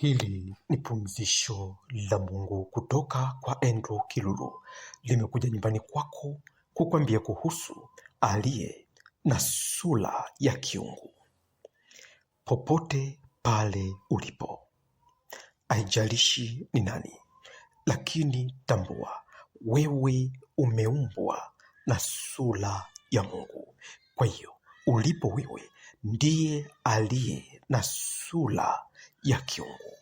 Hili ni pumzisho la Mungu kutoka kwa Andrew Kilulu, limekuja nyumbani kwako kukwambia kuhusu aliye na sura ya kiungu. Popote pale ulipo, haijalishi ni nani, lakini tambua wewe umeumbwa na sura ya Mungu. Kwa hiyo ulipo wewe, ndiye aliye na sura ya kiungu.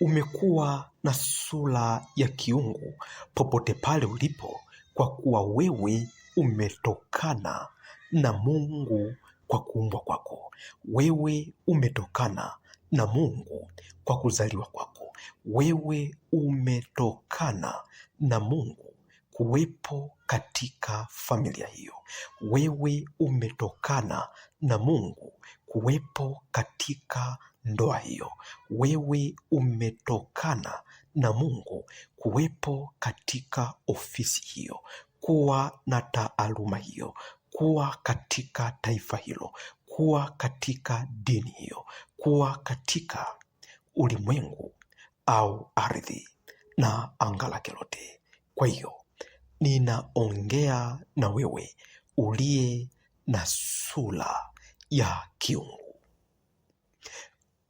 Umekuwa na sura ya kiungu popote pale ulipo, kwa kuwa wewe umetokana na Mungu kwa kuumbwa kwako. Wewe umetokana na Mungu kwa kuzaliwa kwako. Wewe umetokana na Mungu kuwepo katika familia hiyo. Wewe umetokana na Mungu kuwepo katika ndoa hiyo. Wewe umetokana na Mungu kuwepo katika ofisi hiyo, kuwa na taaluma hiyo, kuwa katika taifa hilo, kuwa katika dini hiyo, kuwa katika ulimwengu au ardhi na anga lake lote. Kwa hiyo ninaongea na wewe uliye na sura ya kiungu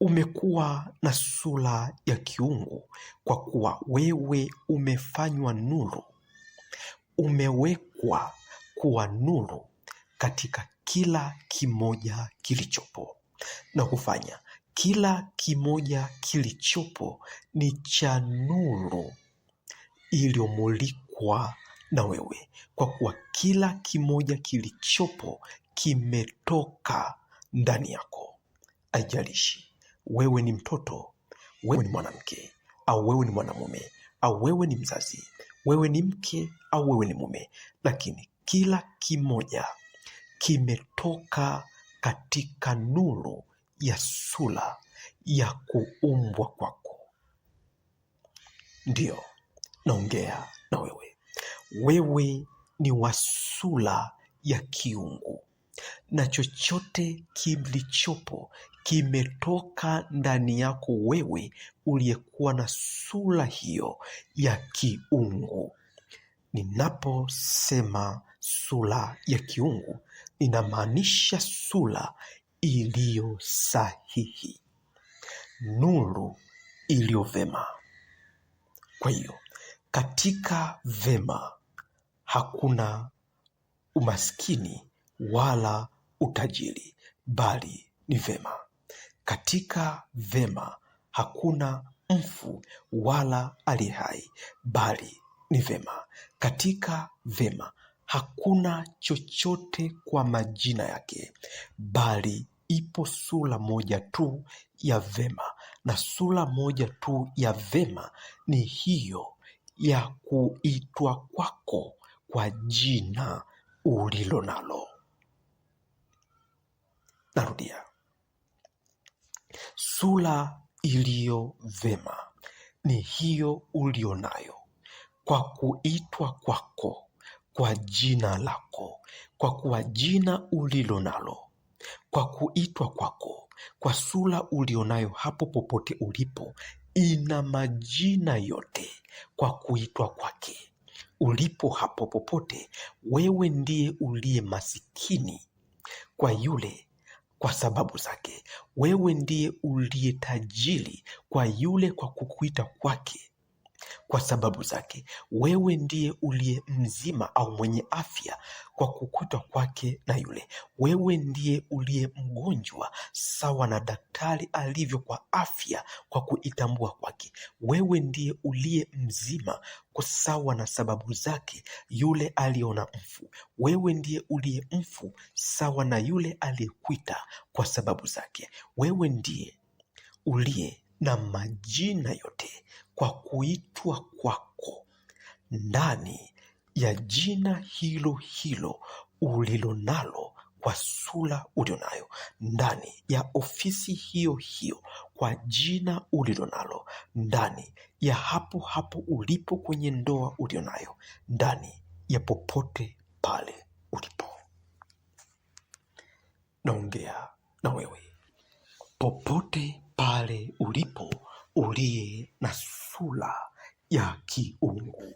umekuwa na sura ya kiungu, kwa kuwa wewe umefanywa nuru, umewekwa kuwa nuru katika kila kimoja kilichopo na kufanya kila kimoja kilichopo ni cha nuru iliyomulikwa na wewe, kwa kuwa kila kimoja kilichopo kimetoka ndani yako. Haijalishi wewe ni mtoto, wewe ni mwanamke au wewe ni mwanamume au wewe ni mzazi, wewe ni mke au wewe ni mume, lakini kila kimoja kimetoka katika nuru ya sura ya kuumbwa kwako. Ndiyo, naongea na wewe. Wewe ni wa sura ya kiungu, na chochote kilichopo kimetoka ndani yako wewe uliyekuwa na sura hiyo ya kiungu. Ninaposema sura ya kiungu, ninamaanisha sura iliyo sahihi, nuru iliyo vema. Kwa hiyo katika vema hakuna umaskini wala utajiri, bali ni vema katika vema hakuna mfu wala ali hai, bali ni vema. Katika vema hakuna chochote kwa majina yake, bali ipo sura moja tu ya vema, na sura moja tu ya vema ni hiyo ya kuitwa kwako kwa jina ulilo nalo. Narudia. Sura iliyo vema ni hiyo ulio nayo, kwa kuitwa kwako, kwa jina lako, kwa kuwa jina ulilo nalo, kwa kuitwa kwako, kwa sura ulio nayo, hapo popote ulipo, ina majina yote kwa kuitwa kwake. Ulipo hapo popote, wewe ndiye uliye masikini kwa yule kwa sababu zake. Wewe ndiye uliye tajiri kwa yule kwa kukuita kwake kwa sababu zake. Wewe ndiye uliye mzima au mwenye afya kwa kukutwa kwake na yule. Wewe ndiye uliye mgonjwa sawa na daktari alivyo kwa afya kwa kuitambua kwake. Wewe ndiye uliye mzima kwa sawa na sababu zake yule aliona mfu. Wewe ndiye uliye mfu sawa na yule aliyekwita kwa sababu zake. Wewe ndiye uliye na majina yote kwa kuitwa kwako ndani ya jina hilo hilo ulilo nalo kwa sura ulio nayo, ndani ya ofisi hiyo hiyo kwa jina ulilo nalo, ndani ya hapo hapo ulipo kwenye ndoa ulio nayo, ndani ya popote pale ulipo. Naongea na wewe popote pale ulipo uliye na sura ya kiungu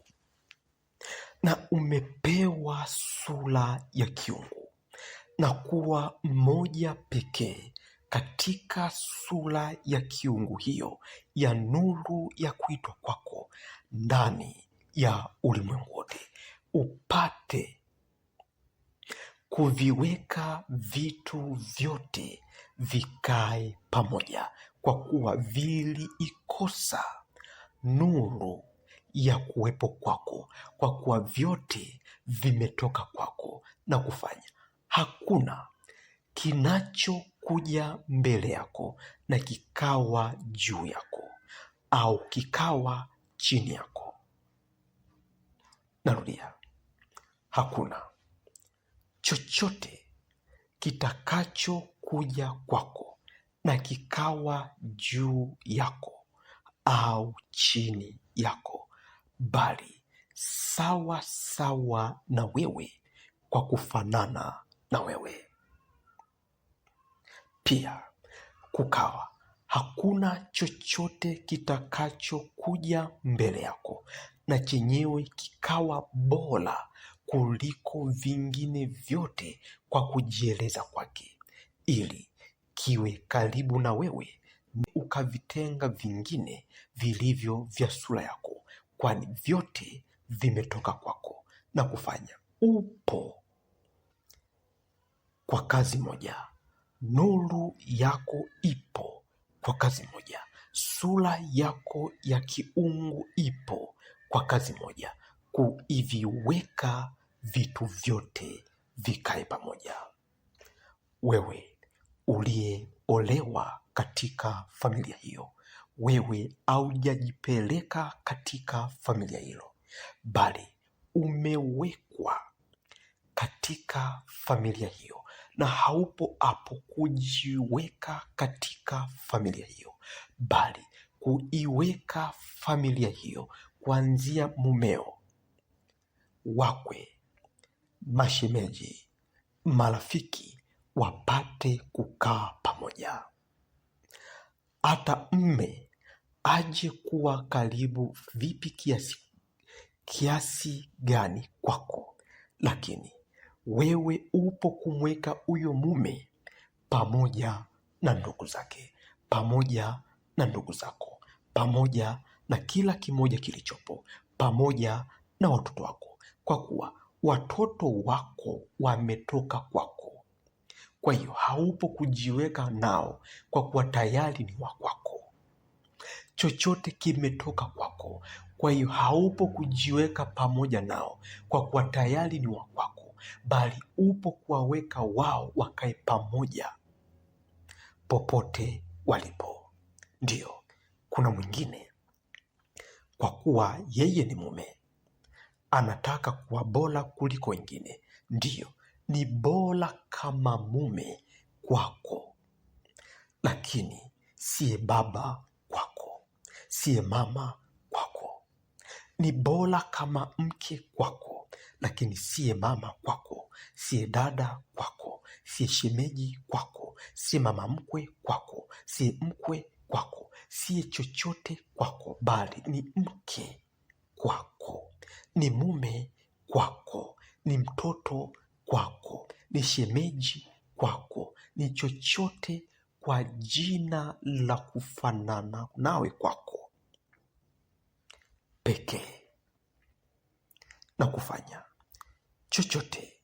na umepewa sura ya kiungu na kuwa mmoja pekee katika sura ya kiungu hiyo ya nuru ya kuitwa kwako ndani ya ulimwengu wote, upate kuviweka vitu vyote vikae pamoja kwa kuwa viliikosa nuru ya kuwepo kwako, kwa kuwa vyote vimetoka kwako na kufanya. Hakuna kinachokuja mbele yako na kikawa juu yako au kikawa chini yako. Narudia, hakuna chochote kitakachokuja kwako na kikawa juu yako au chini yako, bali sawa sawa na wewe, kwa kufanana na wewe. Pia kukawa hakuna chochote kitakachokuja mbele yako, na chenyewe kikawa bora kuliko vingine vyote kwa kujieleza kwake, ili kiwe karibu na wewe ukavitenga vingine vilivyo vya sura yako, kwani vyote vimetoka kwako na kufanya upo kwa kazi moja. Nuru yako ipo kwa kazi moja. Sura yako ya kiungu ipo kwa kazi moja, kuiviweka vitu vyote vikae pamoja. Wewe uliyeolewa katika familia hiyo. Wewe haujajipeleka katika familia hilo, bali umewekwa katika familia hiyo, na haupo hapo kujiweka katika familia hiyo, bali kuiweka familia hiyo kuanzia mumeo, wakwe, mashemeji, marafiki wapate kukaa pamoja. Hata mme aje kuwa karibu vipi kiasi, kiasi gani kwako, lakini wewe upo kumweka huyo mume pamoja na ndugu zake, pamoja na ndugu zako, pamoja na kila kimoja kilichopo, pamoja na watoto wako, kwa kuwa watoto wako wametoka kwako. Kwa hiyo haupo kujiweka nao, kwa kuwa tayari ni wa kwako, chochote kimetoka kwako. Kwa hiyo haupo kujiweka pamoja nao, kwa kuwa tayari ni wa kwako, bali upo kuwaweka wao wakae pamoja popote walipo. ndio kuna mwingine, kwa kuwa yeye ni mume, anataka kuwa bora kuliko wengine. Ndiyo, ni bora kama mume kwako, lakini siye baba kwako, siye mama kwako. Ni bora kama mke kwako, lakini siye mama kwako, siye dada kwako, siye shemeji kwako, siye mama mkwe kwako, siye mkwe kwako, siye chochote kwako, bali ni mke kwako, ni mume kwako, ni mtoto kwako, ni shemeji kwako, ni chochote kwa jina la kufanana nawe kwako pekee, na kufanya chochote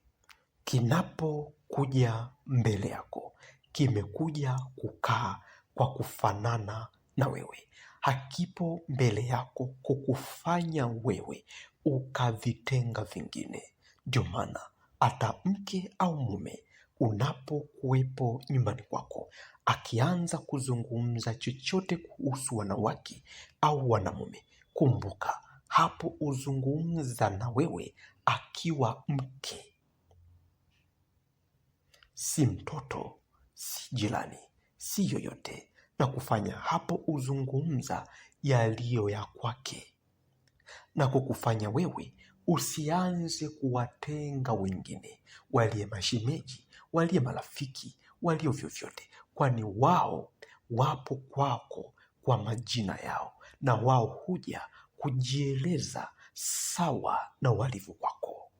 kinapokuja mbele yako, kimekuja kukaa kwa kufanana na wewe, hakipo mbele yako kukufanya wewe ukavitenga vingine. Ndio maana hata mke au mume unapokuwepo nyumbani kwako akianza kuzungumza chochote kuhusu wanawake au wanamume, kumbuka hapo uzungumza na wewe akiwa mke, si mtoto, si jirani, si yoyote, na kufanya hapo huzungumza yaliyo ya kwake na kukufanya wewe usianze kuwatenga wengine waliye mashemeji, waliye marafiki, walio vyovyote, kwani wao wapo kwako kwa majina yao, na wao huja kujieleza sawa na walivyo kwako.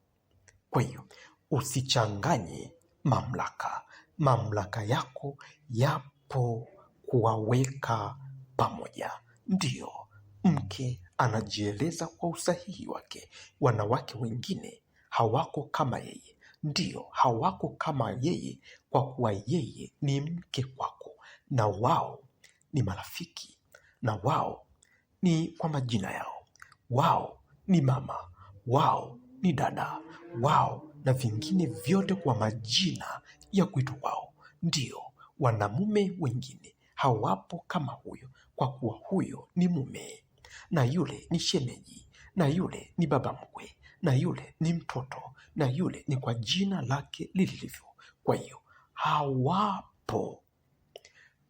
Kwa hiyo usichanganye mamlaka. Mamlaka yako yapo kuwaweka pamoja, ndiyo mke anajieleza kwa usahihi wake. Wanawake wengine hawako kama yeye. ndio hawako kama yeye, kwa kuwa yeye ni mke kwako, na wao ni marafiki, na wao ni kwa majina yao, wao ni mama, wao ni dada, wao na vingine vyote kwa majina ya kuitwa wao. ndio wanamume wengine hawapo kama huyo, kwa kuwa huyo ni mume na yule ni shemeji, na yule ni baba mkwe, na yule ni mtoto, na yule ni kwa jina lake lilivyo. Kwa hiyo hawapo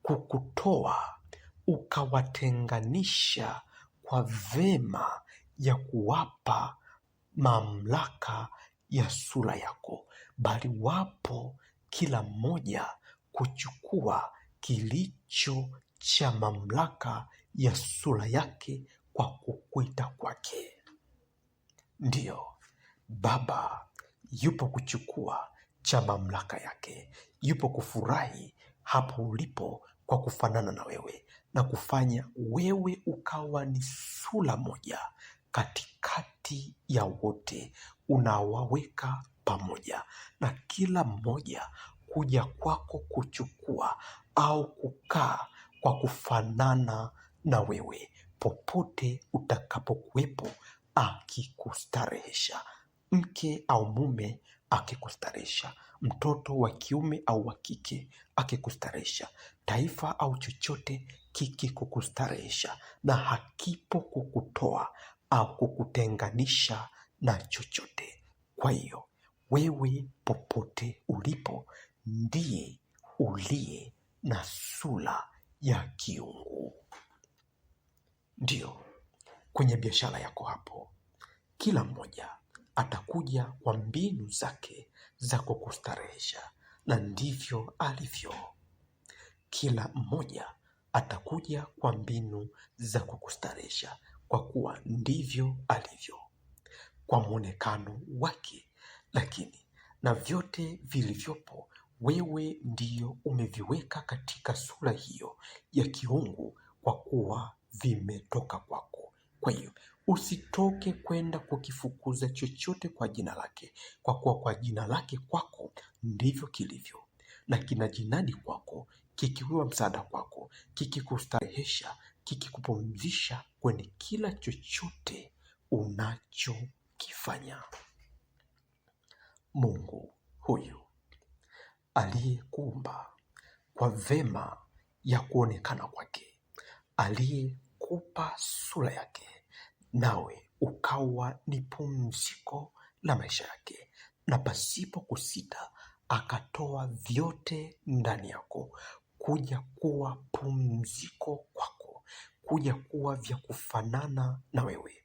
kukutoa ukawatenganisha kwa vema ya kuwapa mamlaka ya sura yako, bali wapo kila mmoja kuchukua kilicho cha mamlaka ya sura yake kwa kukuita kwake. Ndiyo, Baba yupo kuchukua cha mamlaka yake, yupo kufurahi hapo ulipo kwa kufanana na wewe na kufanya wewe ukawa ni sura moja katikati ya wote, unawaweka pamoja na kila mmoja kuja kwako kuchukua au kukaa kwa kufanana na wewe popote utakapokuwepo akikustarehesha, mke au mume akikustarehesha, mtoto wa kiume au wa kike akikustarehesha, taifa au chochote kikikukustarehesha, na hakipo kukutoa au kukutenganisha na chochote. Kwa hiyo wewe popote ulipo ndiye uliye na sura ya kiungu. Ndiyo, kwenye biashara yako hapo, kila mmoja atakuja kwa mbinu zake za kukustarehesha, na ndivyo alivyo. Kila mmoja atakuja kwa mbinu za kukustarehesha, kwa kuwa ndivyo alivyo, kwa mwonekano wake. Lakini na vyote vilivyopo, wewe ndiyo umeviweka katika sura hiyo ya kiungu, kwa kuwa vimetoka kwako. Kwa hiyo usitoke kwenda kukifukuza chochote kwa jina lake, kwa kuwa kwa jina lake kwako ndivyo kilivyo, na kinajinadi kwako, kikiwa msaada kwako, kikikustarehesha, kikikupumzisha kwenye kila chochote unachokifanya. Mungu huyu aliyekuumba kwa vema ya kuonekana kwake, aliye kukupa sura yake, nawe ukawa ni pumziko la maisha yake, na pasipo kusita akatoa vyote ndani yako kuja kuwa pumziko kwako, kuja kuwa vya kufanana na wewe,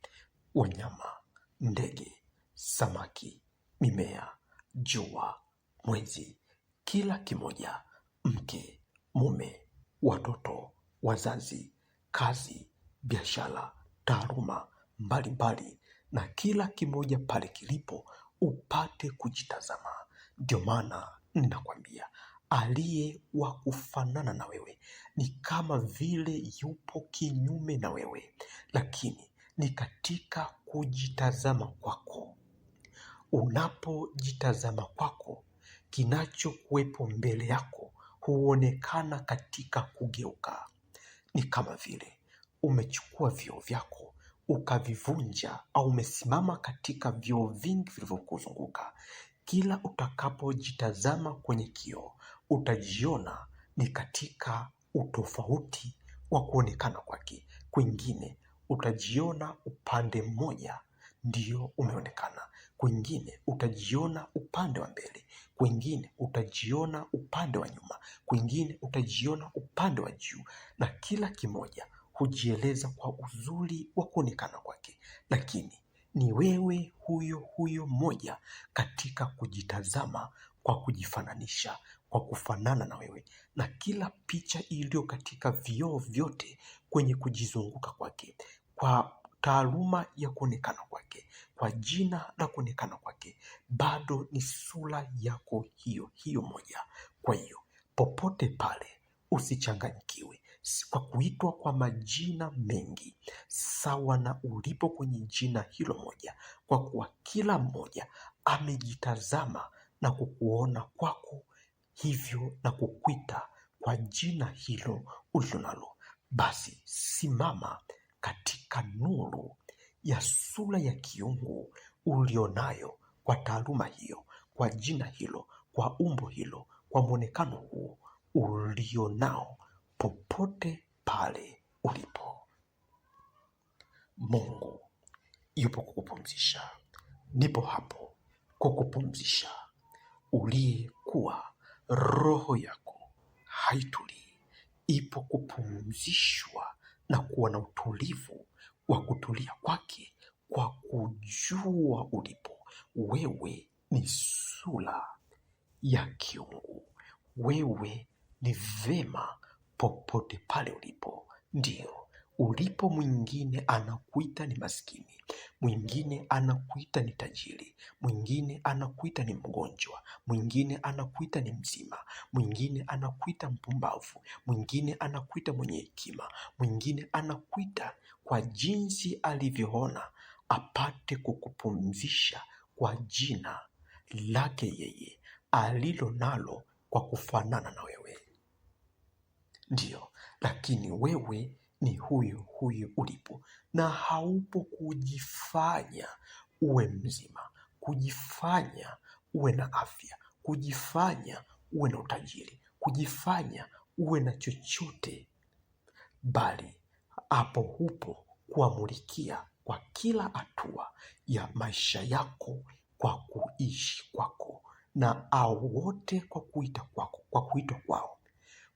wanyama, ndege, samaki, mimea, jua, mwezi, kila kimoja, mke, mume, watoto, wazazi, kazi, biashara, taaluma mbalimbali, na kila kimoja pale kilipo upate kujitazama. Ndio maana ninakwambia aliye wa kufanana na wewe ni kama vile yupo kinyume na wewe, lakini ni katika kujitazama kwako. Unapojitazama kwako, kinachokuwepo mbele yako huonekana katika kugeuka. Ni kama vile umechukua vyo vyako ukavivunja, au umesimama katika vyoo vingi vilivyokuzunguka. Kila utakapojitazama kwenye kioo, utajiona ni katika utofauti wa kuonekana kwake. Kwingine utajiona upande mmoja ndio umeonekana, kwingine utajiona upande wa mbele, kwingine utajiona upande wa nyuma, kwingine utajiona upande wa juu, na kila kimoja hujieleza kwa uzuri wa kuonekana kwake, lakini ni wewe huyo huyo mmoja katika kujitazama kwa kujifananisha, kwa kufanana na wewe, na kila picha iliyo katika vioo vyote kwenye kujizunguka kwake, kwa taaluma ya kuonekana kwake, kwa jina la kuonekana kwake, bado ni sura yako hiyo hiyo moja. Kwa hiyo popote pale usichanganyikiwe, kwa kuitwa kwa majina mengi, sawa na ulipo kwenye jina hilo moja, kwa kuwa kila mmoja amejitazama na kukuona kwako, hivyo na kukwita kwa jina hilo ulilonalo. Basi simama katika nuru ya sura ya kiungu ulionayo, kwa taaluma hiyo, kwa jina hilo, kwa umbo hilo, kwa mwonekano huo ulionao popote pale ulipo. Mungu yupo kukupumzisha, nipo hapo kukupumzisha. Uliyekuwa roho yako haitulii, ipo kupumzishwa na kuwa na utulivu wa kutulia kwake kwa kujua ulipo wewe. Ni sura ya kiungu, wewe ni vema popote pale ulipo. ndio ulipo mwingine anakuita ni maskini, mwingine anakuita ni tajiri, mwingine anakuita ni mgonjwa, mwingine anakuita ni mzima, mwingine anakuita mpumbavu, mwingine anakuita mwenye hekima, mwingine anakuita kwa jinsi alivyoona apate kukupumzisha kwa jina lake yeye alilo nalo kwa kufanana na wewe ndio lakini wewe ni huyu huyu ulipo na haupo kujifanya uwe mzima, kujifanya uwe na afya, kujifanya uwe na utajiri, kujifanya uwe na chochote, bali hapo hupo kuamulikia kwa kila hatua ya maisha yako kwa kuishi kwako na au wote kwa kuita kwako, kwa kuitwa kwao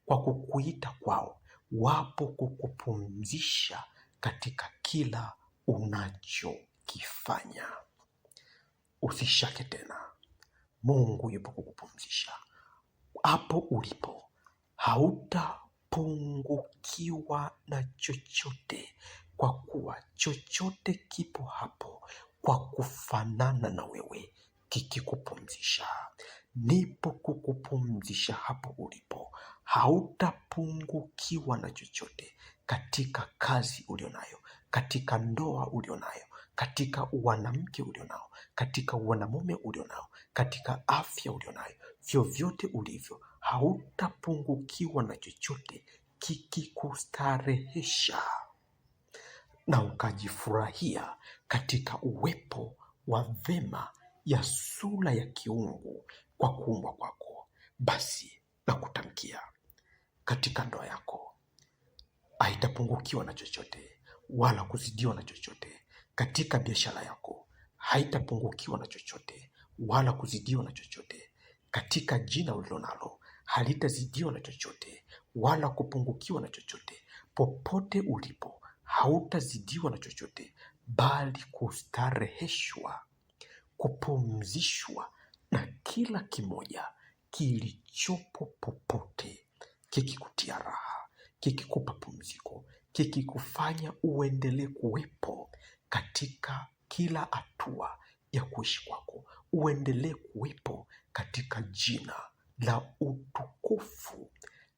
kwa kukuita kwao, wapo kukupumzisha katika kila unachokifanya. Usishake tena, Mungu yupo kukupumzisha hapo ulipo, hautapungukiwa na chochote, kwa kuwa chochote kipo hapo kwa kufanana na wewe kikikupumzisha nipo kukupumzisha hapo ulipo. Hautapungukiwa na chochote katika kazi ulionayo, katika ndoa ulionayo, katika wanamke ulionao, katika wanamume ulionao, katika afya ulionayo, vyovyote ulivyo, hautapungukiwa na chochote kikikustarehesha na ukajifurahia katika uwepo wa vema ya sura ya kiungu kwa kuumbwa kwako, basi na kutamkia katika ndoa yako haitapungukiwa na chochote wala kuzidiwa na chochote. Katika biashara yako haitapungukiwa na chochote wala kuzidiwa na chochote. Katika jina ulilonalo halitazidiwa na chochote wala kupungukiwa na chochote. Popote ulipo hautazidiwa na chochote, bali kustareheshwa, kupumzishwa kila kimoja kilichopo popote kikikutia raha, kikikupa pumziko, kikikufanya uendelee kuwepo katika kila hatua ya kuishi kwako, uendelee kuwepo katika jina la utukufu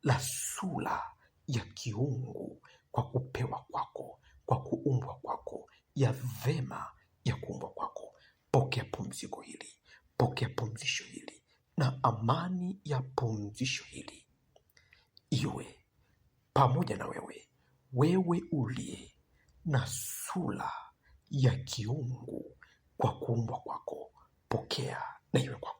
la sura ya kiungu kwa kupewa kwako, kwa kuumbwa kwako, ya vema ya kuumbwa kwako. Pokea pumziko hili Pokea pumzisho hili na amani ya pumzisho hili iwe pamoja na wewe, wewe uliye na sura ya kiungu kwa kuumbwa kwako, pokea na iwe kwako.